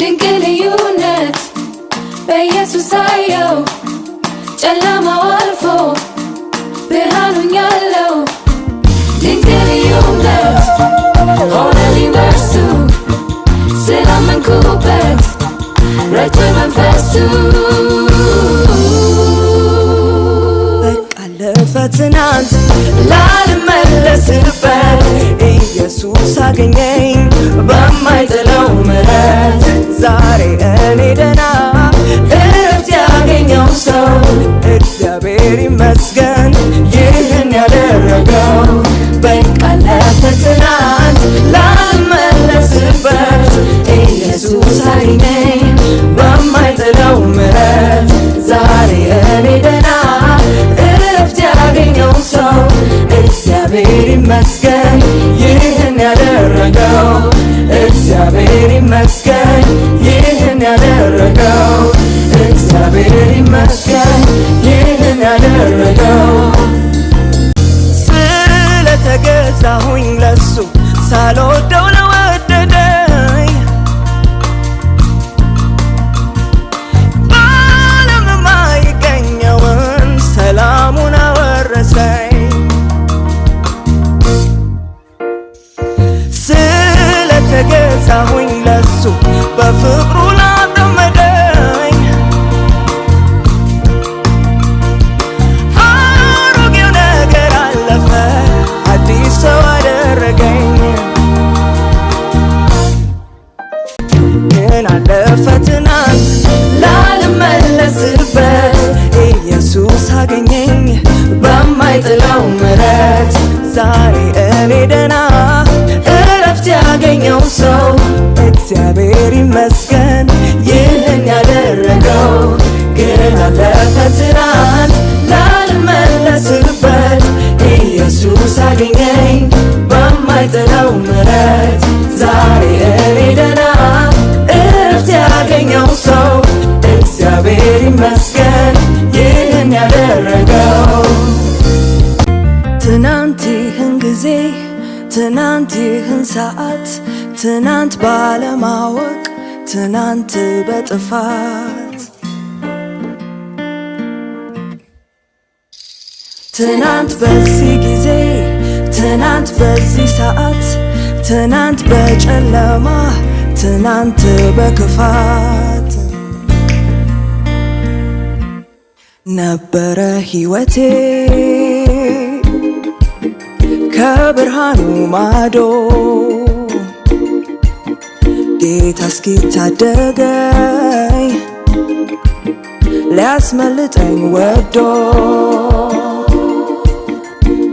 ድንቅ ልዩነት በኢየሱስ አየው ጨለማው አልፎ ብርሃኑን ያለው ድንቅ ልዩነት ሆነልኝ በርሱ ስላመንኩበት ረቶኝ መንፈሱ በቃለ ፈትናት ላልመለስበት ኢየሱስ አገኘኝ ይመስገን ይህን ያደረገው እግዚአብሔር ይመስገን ይህን ያደረገው እግዚአብሔር ይመስገን ይህን ያደረገው ስለተገዛሁኝ ለሱ ሳልወደው ረሳሁኝ ለሱ በፍቅሩ ላጠመደኝ አሮጌው አለፈ አዲስ አደረገኝ ግን ኢየሱስ አገኘኝ በማይጥለው ምሕረት ዛሬ እኔ ደህና ረፍት ያገኘው ሰው እግዚአብሔር ይመስገን ይህን ያደረገው። ግን አለፈ ትናንት ላልመለስበት ኢየሱስ አገኘኝ በማይጠለው ምሕረት ዛሬ እኔ ደህና እረፍት ያገኘው ሰው እግዚአብሔር ይመስገን ትናንት ይህን ሰዓት ትናንት ባለማወቅ ትናንት በጥፋት ትናንት በዚህ ጊዜ ትናንት በዚህ ሰዓት ትናንት በጨለማ ትናንት በክፋት ነበረ ሕይወቴ ከብርሃኑ ማዶ ጌታ እስኪታደገኝ ሊያስመልጠኝ ወዶ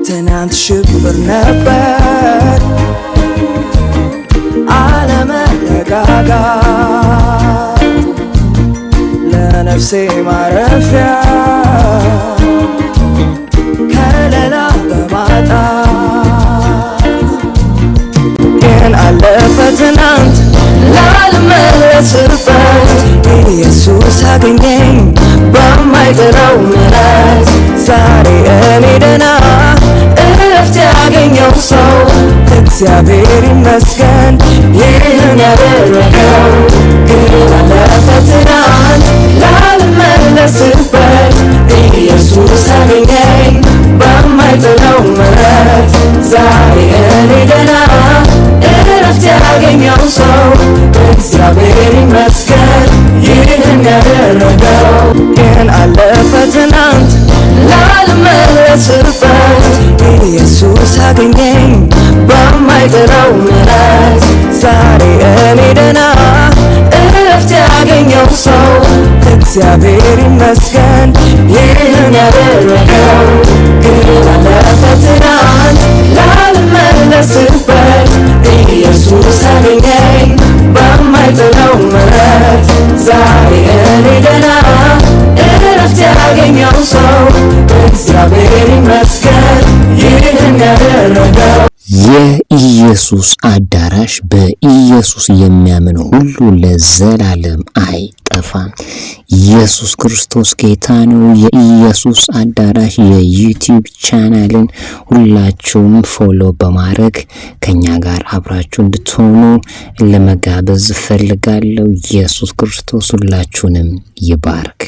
ትናንት ሽብር ነበር አለመረጋጋት ለነፍሴ ማረፊያ ስበት ኢየሱስ አገኘኝ በማይጠራው ምሕረት ዛሬ እኔ ደና እረፍት ያገኘው ሰው እግዚአብሔር ይመስገን። እግዚአብሔር ይመስገን ይህን ያደረገው ግን አለፈ ትናንት ላልመለስበት ኢየሱስ አገኘኝ በማይጠራው ምሕረት ዛሬ እኔ ደና እረፍት ያገኘው ሰው እግዚአብሔር ይመስገን ይህን ያደረገው ግን አለፈ ትናንት ላልመለስበት የኢየሱስ አዳራሽ በኢየሱስ የሚያምን ሁሉ ለዘላለም አይጠፋም። ኢየሱስ ክርስቶስ ጌታ ነው። የኢየሱስ አዳራሽ የዩቲዩብ ቻናልን ሁላችሁም ፎሎ በማድረግ ከኛ ጋር አብራችሁ እንድትሆኑ ለመጋበዝ እፈልጋለሁ። ኢየሱስ ክርስቶስ ሁላችሁንም ይባርክ።